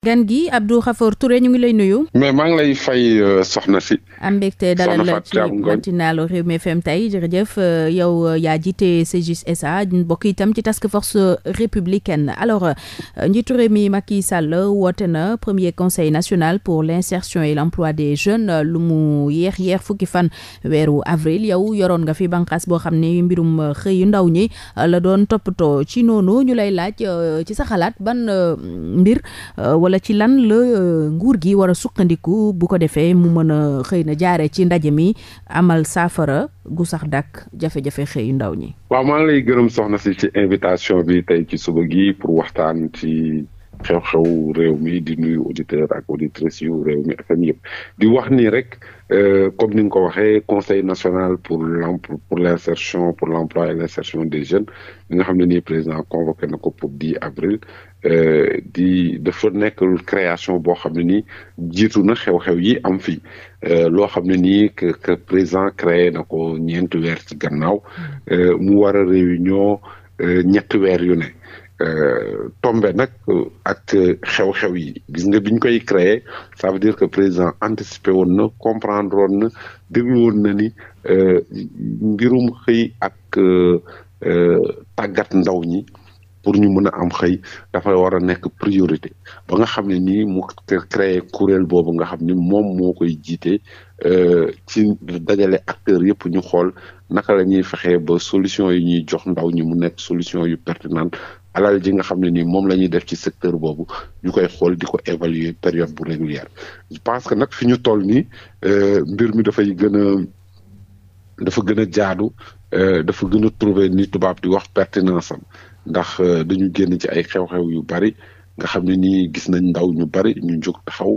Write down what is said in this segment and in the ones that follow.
gan gi Abdou Khafor Touré ñu ngi lay nuyu. mais maa ngi lay fay euh, soxna si. am mbégte dalal la ci matinalu Rewmi FM tey jërëjëf euh, yow euh, yaa jiite CGIS SA mbokk itam ci task force républicaine alors njiitu réew mi Macky Sall woote na premier conseil national pour l'insertion et l'emploi des jeunes lu mu yéex yéex fukki fan weeru avril yow yoroon nga fi bànqaas boo xam ne mbirum xëyu ndaw ñi la doon toppatoo ci noonu ñu lay laaj ci sa xalaat ban mbir. wala ci lan la euh, nguur gi war a sukkandiku bu ko defee mu mën a xëy na jaare ci ndaje mi amal saafara gu sax dàkk jafe-jafe xëyu ndaw ñi. waaw maa ngi lay gërëm soxna si ci invitation bi tey ci suba gi pour waxtaan ci. xew-xew réew mi di nuyu auditeur ak auditrice yu réew mi FM yëpp di wax nii rek euh, comme ni nga ko waxee conseil national pour l'emploi pour l'insertion pour l'emploi et l'insertion des jeunes bi nga xam ne nii président convoqué na ko pour dix avril Euh, di dafa nekkul création boo xam ne nii jiitu na xew-xew yi am fii euh, loo xam ne nii que que président créé na ko ñeenti weer ci gannaaw mm. euh, mu war a réunion ñetti weer yu ne tombé nag ak xew-xew yi gis nga biñ koy créer ça veut dire que président anticipé woon na comprendre won na déglu woon na ni mbirum xëy ak tàggat ndaw ñi pour ñu mën a am xëy dafa war a nekk priorité ba nga xam ne nii mu créé kuréel boobu nga xam ni moom moo koy jiite euh, ci dajale acteurs yëpp ñu xool naka la ñuy fexee ba solution yi ñuy jox ndaw ñi mu nekk solution yu pertinente alal ji nga xam ne nii moom la ñuy def ci secteur boobu ñu koy xool di ko évaluer période bu régulière parce que nag fi ñu toll nii euh, mbir mi dafay gën a dafa gën a jaadu euh, dafa gën a trouver ni tubaab di wax pertinence am ndax euh, dañu génn ci ay xew-xew yu bari nga xam ne nii gis nañ ndaw ñu bari ñu jóg taxaw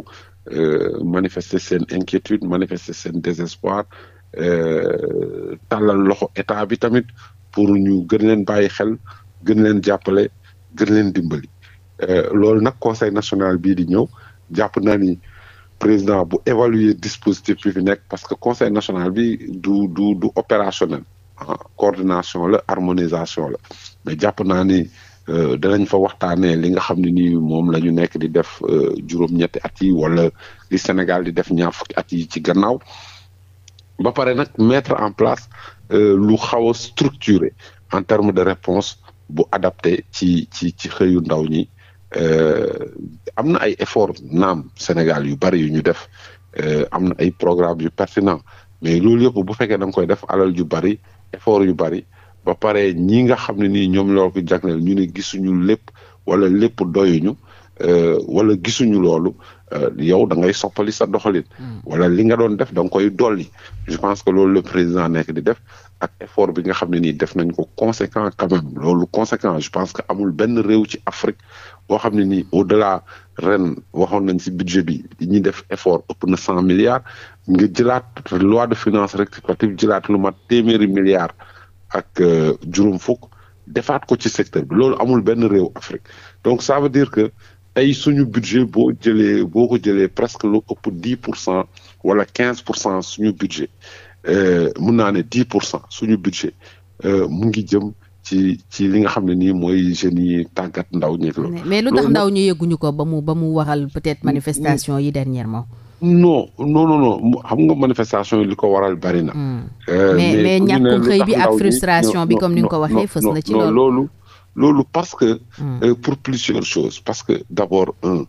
euh, manifester seen inquiétude manifester seen désespoir euh, tàllal loxo état bi tamit pour ñu gën leen bàyyi xel gën leen jàppale gën leen dimbali loolu nag conseil national bii di ñëw jàpp naa ni président bu évaluer dispositif bi fi nekk parce que conseil national bi du du du opérationnel coordination la harmonisation la mais jàpp naa ni euh, danañ fa waxtaanee li nga xam ne nii moom lañu nekk di def euh, juróom-ñetti at yi wala li Sénégal di def ñaar fukki at yi ci gannaaw ba pare nag mettre en place euh, lu xaw a en terme de réponse bu adapté ci ci ci xëyu ndaw ñi am na ay effort naam Sénégal yu bari yu ñu def am na ay programme yu pertinent mais loolu yëpp bu fekkee da nga koy def alal ju bari effort yu bari ba pare ñi nga xam ne nii ñoom loo ko jagleel ñu ne gisuñu lépp wala lépp doyuñu euh, wala gisuñu loolu Euh, yow da ngay soppali sa doxalin. Hmm. wala li nga doon def da nga koy dolli. je pense que loolu le président nekk di def ak effort bi nga xam ne nii def nañ ko conséquent quand loolu conséquent je pense que amul benn réew ci Afrique boo xam ne nii au delà ren waxoon nañ si budget bi ñi def effort ëpp na cent milliards nga jëlaat loi de finances rectificative jëlaat lu mat téeméeri milliards ak euh, juróom fuk defaat ko ci secteur bi loolu amul benn réew Afrique donc ça dire tey suñu budget boo jëlee boo ko jëlee presque lu ëpp dix pour cent wala quinze pour cent suñu budget euh, mun naa ne dix pour cent suñu budget euh, mu ngi jëm ci ci li nga xam ne nii mooy jeunes yi tàggat ndaw ñi loolu mais lu tax ndaw ñu yëguñu ko ba mu ba mu waral peut-être manifestation yi dernièrement non non non xam nga manifestation yi li ko waral bari na hmm. euh, mais mais ñàkkum xëy bi ak frustration bi comme ni nga ko waxee fës na ci loolu loolu parce que. Hmm. Euh, pour plusieurs choses parce que d'abord un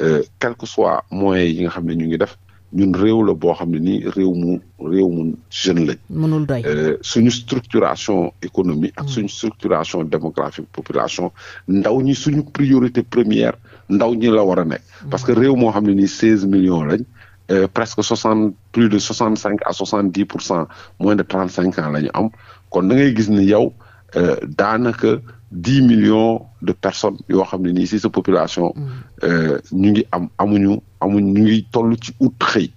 euh, quel que soit moyens yi nga xam ne ñu ngi def ñun réew la boo xam ne nii réew mu réew mu jeune lañ. mënul doy euh, suñu structuration économie ak hmm. suñu structuration démographique population ndaw ñi suñu priorité première ndaw ñi la war a nekk. Hmm. parce que réew moo xam ne nii seize millions lañ. Euh, presque soixante plus de soixante cinq à soixante dix pour cent moins de trente cinq ans la ñu am kon da ngay gis ni yow. Euh, daanaka dix millions de personnes yoo xam ne ni si sa population. Mm. Euh, ñu ngi am amuñu amuñu ñu ngi toll ci ut xëy.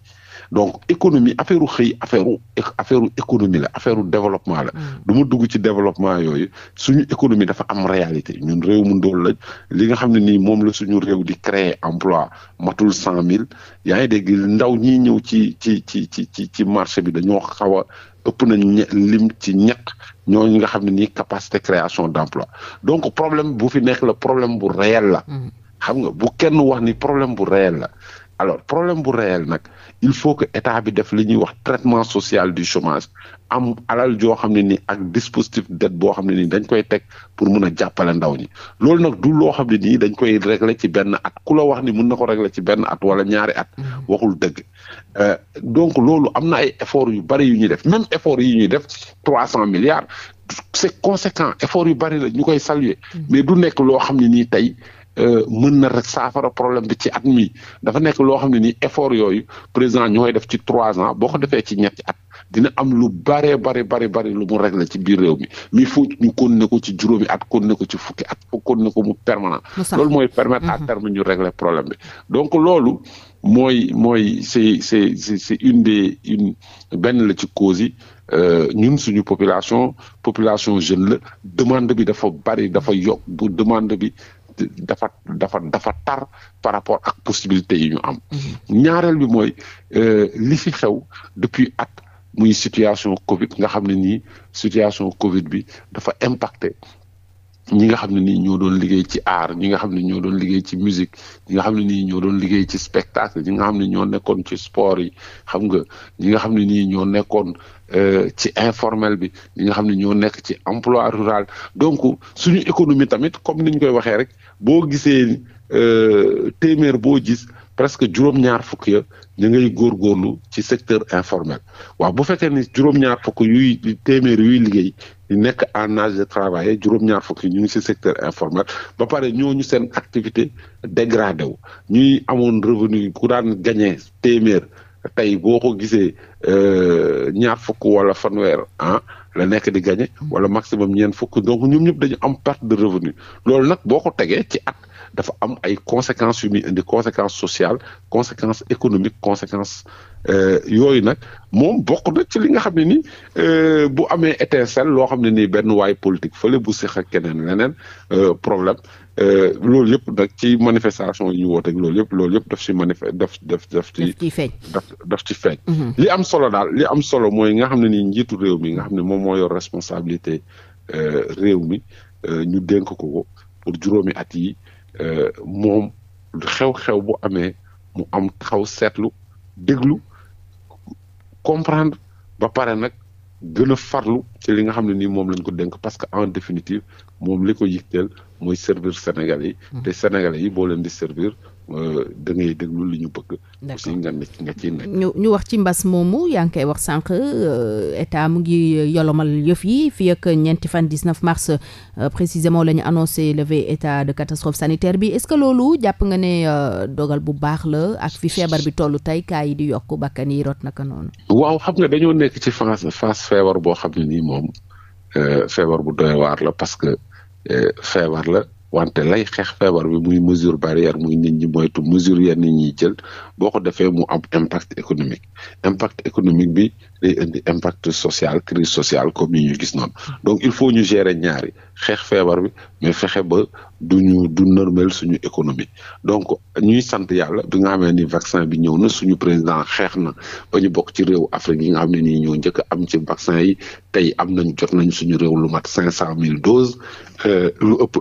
donc économie affaire xëy affaire u affaire u la affaire u développement la. Mm. du ma dugg ci développement yooyu suñu économie dafa am réalité ñun réew mu ndóol la li nga xam ne nii moom la suñu réew di créer emploi matul cent mille yaa ngi dégg ndaw ñi ñëw ci ci ci ci ci ci marché bi dañoo xaw a ëpp nañ lim ci ñett ñooñu nga xam ne nii capacité création d'emploi donc problème bu fi nekk la problème bu réel la. Mm. xam nga bu kenn wax ni problème bu réel la. alors problème bu réel nag il faut que état bi def li ñuy wax traitement social du chômage am alal joo xam ne ni ak dispositif d'aide boo xam ne ni dañ koy teg pour mun a jàppale ndaw ñi loolu nag du loo xam ne nii dañ koy régler ci benn at ku la wax ni mun na ko régler ci benn at wala ñaari at mm-hmm. waxul dëgg euh, donc loolu am na ay effort yu bari yu ñuy def même effort yu ñuy def trois cent milliards c'est conséquent effort yu bari la ñu koy saluer mm-hmm. mais du nekk loo xam ne nii tey Euh, mën na rek saafara problème bi ci at mi dafa nekk loo xam ne nii effort yooyu président ñu koy def ci trois ans boo ko defee ci ñetti at dina am lu bare bare bare bare lu mu régler ci biir réew mi mii faut ñu ne ko ci juróomi at ne ko ci fukki at continuer ko mu permanent loolu mooy permettre à mm-hmm. terme ñu régler problème bi donc loolu mooy mooy c'est c'est c'est une des une benn la ci cause yi euh, ñun suñu population population jeune la demande bi dafa bari dafa yokk bu demande bi dafa dafa dafa tar par rapport ak possibilité yi ñu am. ñaareel bi mooy euh, li fi xew depuis ak muy situation Covid nga xam ne nii situation Covid bi dafa impacté ñi nga xam ne ñoo doon liggéey ci art ñi nga xam ne ñoo doon liggéey ci musique nga xam ne nii ñoo doon liggéey ci spectacle ñi nga xam ne ñoo nekkoon ci sport yi xam nga ñi nga xam ne nii ñoo nekkoon euh, ci informel bi ñi nga xam ne ñoo nekk ci emploi rural donc suñu économie tamit comme niñ koy waxee rek boo gisee euh, téeméer boo gis presque juróom-ñaar fukk ya ñu góor góorlu ci secteur informel waaw bu fekkee ni juróom-ñaar fukk yuy téeméer yuy liggéey di nekk en âge de travailler juróom-ñaar fukk yi ñu ngi si secteur informel ba pare ñooñu seen activité dégradé wu ñuy amoon revenu ku daan gañee téeméer tey boo ko gisee euh, ñaar fukk wala fanweer ah la nekk di gagné wala maximum ñeent fukk donc ñoom ñëpp dañu am perte de revenu loolu nag boo ko tegee ci at dafa am ay conséquences yu muy indi conséquence sociales conséquence économiques conséquences Euh, yooyu nag moom bokk na ci li nga xam ne ni euh, bu amee étincelle loo xam ne nii benn waay politique fële bu seq ak keneen leneen euh, problème loolu yëpp nag ci manifestation yi ñu woote ak loolu yëpp loolu yëpp daf ci manifeste daf daf daf ci feeñ daf ci feeñ mhm. li am solo daal li am solo mooy nga xam ne nii njiitu réew mi nga xam ne moom moo yor responsabilité réew mi ñu dénk ko ko pour juróomi at yi moom xew-xew bu amee mu am xew seetlu déglu comprendre ba pare nag gën a farlu ci li nga xam ne nii moom lañ ko dénk parce que en définitive moom li ko yitteel mooy servir Sénégalais yi. Hmm. te Sénégalais yi boo leen di servir. Euh, da déglu li ñu bëgg. ñu wax ci mbas moomu yaa ngi koy wax sànq euh, état mu ngi yolomal yëf yi fii ak ñeenti fan 19 mars euh, précisément la ñu annoncé levé état de catastrophe sanitaire bi est-ce que loolu jàpp nga ne dogal bu baax la ak fi feebar bi toll tey kaa yi di yokk bakkan yi rot naka noonu. waaw xam nga dañoo nekk ci phase phase feebar boo xam ne nii moom feebar bu doy la parce que feebar la. wante lay xeex feebar bi muy mesure barrière muy nit ñi moytu mesure yenn nit ñiy jël boo ko defee mu am impact économique impact économique bi day indi impact social crise sociale comme yi ñu gis noonu donc il faut ñu gérer ñaari xeex feebar bi mais fexe ba du ñu du normal suñu économie donc ñuy sant yàlla bi nga xamee ni vaccin bi ñëw na suñu président xeex na ba ñu bokk ci réew Afrique yi nga xam ne nii ñoo njëkk am ci vaccin yi tey am nañ jot nañ suñu réew lu mat cinq cent mille doses euh, lu ëpp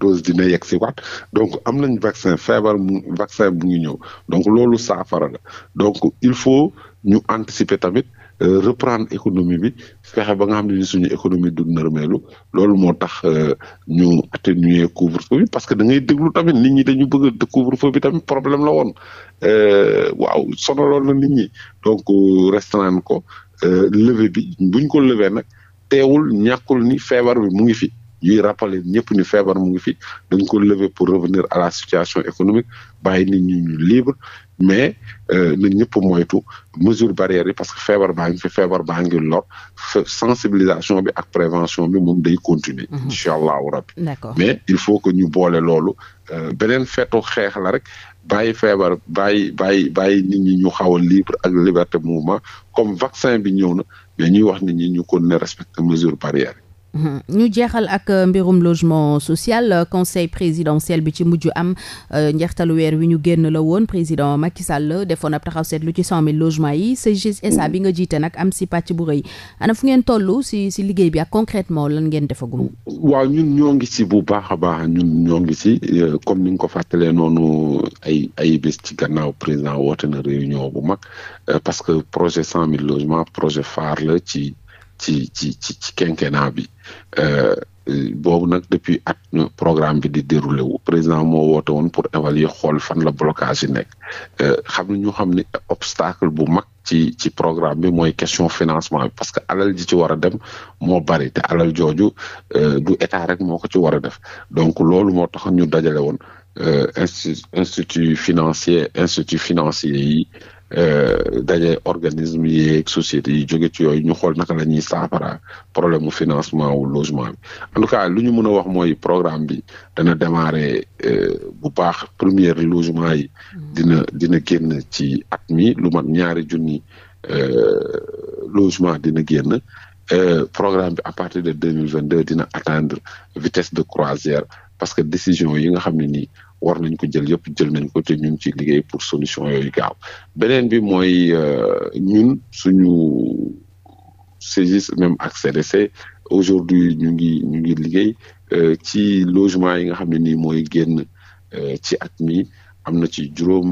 dose dina yegg si waat donc am nañ vaccin feebar mu vaccin bu ngi ñëw donc loolu saafara la donc il faut ñu anticiper tamit euh, reprendre économie bi fexe ba nga xam ne ni suñu économie du nërmeelu loolu moo tax euh, ñu atténuer couvre-feu parce que da ngay déglu tamit nit ñi dañu bëgg couvre-feu bi tamit problème la woon euh, waaw sonaloon na nit ñi donc restaurant ko levé bi buñ ko levé nag teewul ñàkkul ni feebar bi mu ngi fi ñuy rappeler ñëpp ñu feebar mu ngi fi dañ ko lever pour revenir à la situation économique bàyyi nit ñu libre mais euh, na ñëpp moytu mesure barrière yi parce que feebar baa ngi fi feebar baa ngi lor sensibilisation bi ak prévention bi moom day continuer mhm. incha allahu rabbi mais il faut que ñu boole loolu euh, beneen feetu xeex la rek bàyyi feebar bàyyi bàyyi bàyyi nit ñi ñu xaw a libre ak liberté mouvement comme vaccin bi ñëw na mais ñuy wax nit ñi ñu kon ne respecter mesure barrière ñu jeexal ak euh, mbirum logement social conseil présidentiel bi ci mujj am euh, njeextalu weer wi ñu génn la woon président Macky Sall defoon ab taxaw seetlu ci cent mille logements yi CGSA bi nga jiite nag am si pàcc bu rëy ana fu ngeen toll si si liggéey bi ak concretement lan ngeen defagum. waaw ñun ñoo ngi si bu baax a baax ñun ñoo ngi si euh, comme ni nga ko fàttalee noonu ay ay bés ci gannaaw président woote na réunion bu mag parce que projet cent mille logements projet phare ci. ci ci ci ci quinquennat bi euh, boobu nag depuis at programme bi di déroulé wu président moo woote woon pour évaluer xool fan la blocage yi nekk euh, xam ne ñu xam ne obstacle bu mag ci ci programme bi mooy question financement bi parce que alal ji ci war a dem moo bari te alal jooju euh, du état rek moo ko ci war a def donc loolu moo tax ñu dajale woon institut financier institut financier yi Euh, daje organisme yeeg société yi jóge ci yooyu ñu xool naka la ñuy saafara problème mu financement wu logement bi en tout cas lu ñu mën a wax mooy programme bi dana démarrer euh, bu baax première logement yi mm. dina dina génn ci at mi lu mat ñaari junni euh, logement dina génn programme bi à partir de deux mille vingt deux dina atteindre vitesse de croisière parce que décision yi nga xam ne nii war nañ ko jël yëpp jël nañ ko te ñu ngi ciy liggéey pour solution yooyu gaaw beneen bi mooy euh, ñun suñu CGIS même ak CDC aujourd'hui ñu ngi ñu ngi liggéey euh, ci logement yi nga xam ne nii mooy génn euh, ci at mi am na ci juróom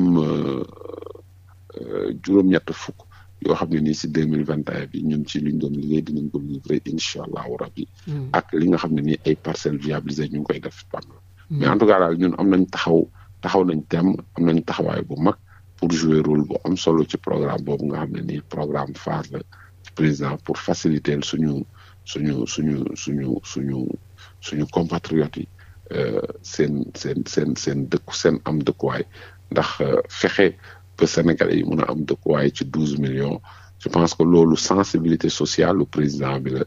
juróom-ñett fukk yoo xam ne nii si deux mille vingt et bi ñun ci luñ doon liggéey dinañ ko livrer incha allahu rabi. Mm. ak li nga xam ne ni ay parcelle viabilisées ñu ngi koy def PAM. mais hmm. en tout cas daal ñun am nañ taxaw taxaw nañ tem am nañ taxawaay bu mag pour jouer rôle bu am solo ci programme boobu nga xam ne nii programme phare la président pour faciliter suñu suñu suñu suñu suñu suñu compatriotes yi euh, seen seen seen seen dëkku seen am dëkkuwaay ndax euh, fexe ba Sénégalais yi mun a am dëkkuwaay ci douze millions je pense que loolu sensibilité sociale lu président bila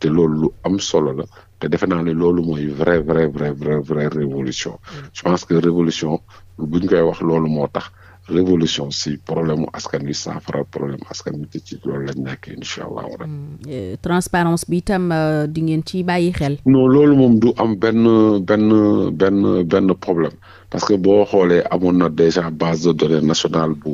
te loolu lu am solo la te defe naa ni loolu mooy vrai vrai vrai vrai révolution mm. je pense que révolution bu ñu koy wax loolu moo tax révolution si problème mu askan wi saafara problème askan wi te ci loolu lañ nekk incha allah. Mm. transparence bi itam euh, di ngeen ci bàyyi xel. non loolu moom du am benn benn benn benn problème parce que boo xoolee amoon na déjà base de données nationale bu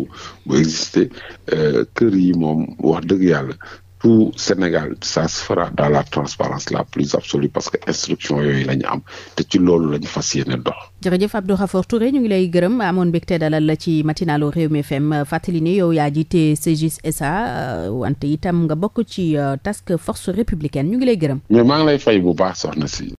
exister euh, kër yi moom wax dëgg yàlla tout Sénégal ça se fera dans la transparence la plus absolue parce que instruction yooyu la ñu am te ci loolu la ñu fas yéene dox. jërëjëf Abdou Khafor Touré ñu ngi lay gërëm amoon mbégte dalal la ci matinalu Rewmi FM fàttali ni yow yaa jiite CGIS SA euh, wante itam nga bokk ci euh, task force républicaine ñu ngi lay gërëm. mais maa lay fay bu baax soxna si.